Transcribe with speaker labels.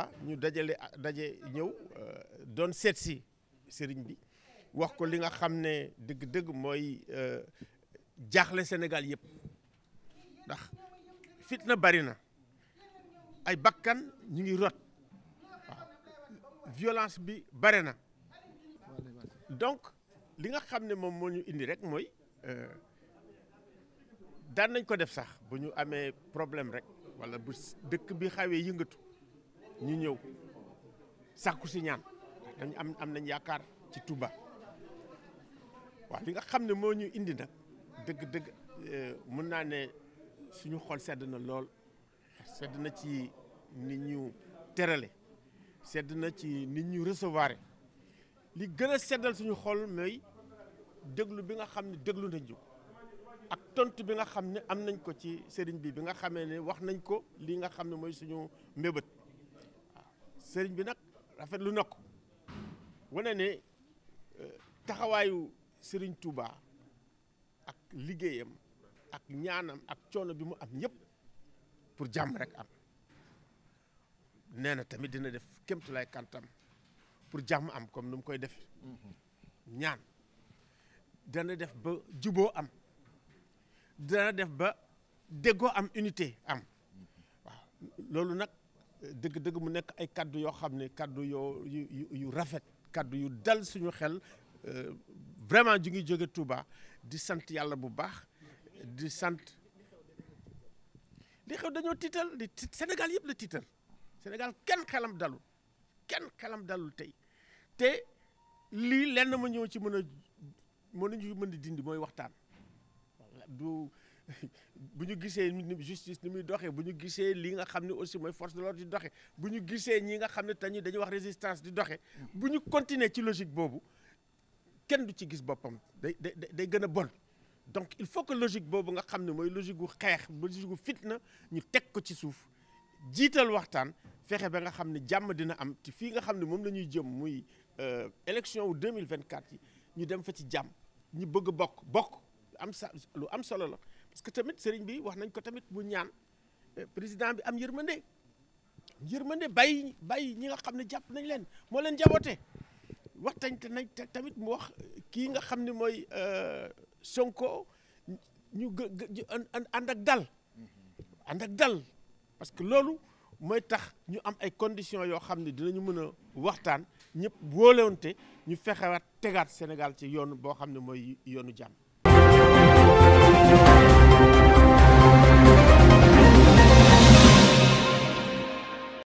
Speaker 1: Mountakha ñu dajale daje ñëw euh, doon seet si sëriñ bi wax ko li nga xam ne dëgg-dëgg mooy euh, jaaxle Sénégal yëpp ndax fitna bari na ay bakkan ñu ngi rot waaw violence bi bare na donc li nga xam ne moom moo ñu indi rek mooy euh, daan nañ ko def sax bu ñu amee problème rek wala bu dëkk bi xawee yëngatu ñu ñëw sàkku si ñaan dañ am am nañ yaakaar ci Touba waa li nga xam ne moo ñu indi nag dëgg-dëgg euh, mën naa ne suñu xol sedd na lool sedd na ci nit ñu terale sedd na ci nit ñu recevoire li gën a seddal suñu xol mooy déglu bi nga xam ne déglu nañ ko ak tontu bi nga xam ne am nañ ko ci sëriñ bi bi nga xamee ne wax nañ ko lii nga xam ne mooy suñu mbébét sëriñ bi nag rafet lu ko wane ne euh, taxawaayu sëriñ Touba ak liggéeyam ak ñaanam ak coono bi mu am yëpp pour jàmm rek am nee na tamit dina def kémtulaay kantam pour jàmm am comme nu mu koy def ñaan dana def ba juboo am dina def ba déggoo am unité am waaw loolu nag dëgg-dëgg mu nekk ay kàddu yoo xam ne kàddu yoo yu yu rafet kàddu yu dal suñu xel euh, vraiment ju ngi jóge Touba di sant yàlla bu baax di sant li xew dañoo tiital di Sénégal yëpp la tiital Sénégal kenn xelam dalul kenn xelam dalul tey te lii lenn ma ñëw ci mën a mën nañu mën di dindi mooy waxtaan bu ñu gisee justice ni muy doxee bu ñu gisee lii nga xam ne aussi mooy force de l'ordre di doxee bu ñu gisee ñi nga xam ne tañu dañuy wax résistance di doxee bu ñu continuer ci logique boobu kenn du ci gis boppam day day day gën a bon donc il faut que logique boobu nga xam ne mooy logique wu xeex logique gu fitna ñu teg ko ci suuf jiital waxtaan fexe ba nga xam ne jàmm dina am te fii nga xam ne moom la ñuy jëm muy euh, élection wu 2024 yi ñu dem fa ci jàmm ñu bëgg bokk bokk am lu am solo la parce que tamit sëriñ bi wax nañ ko tamit mu ñaan eh, président bi am yërmande yërmande bàyyi bàyyi ñi nga xam ne jàpp nañ leen moo leen jaboote wax tañ te nañ tamit mu wax kii nga xam ne mooy euh, Sonko ñu gë ànd ak dal ànd ak dal parce que loolu mooy tax ñu am ay conditions yoo xam ne dinañu mën a waxtaan ñëpp boolewante ñu fexewaat tegaat Sénégal ci yoonu boo xam ne mooy yoonu jàmm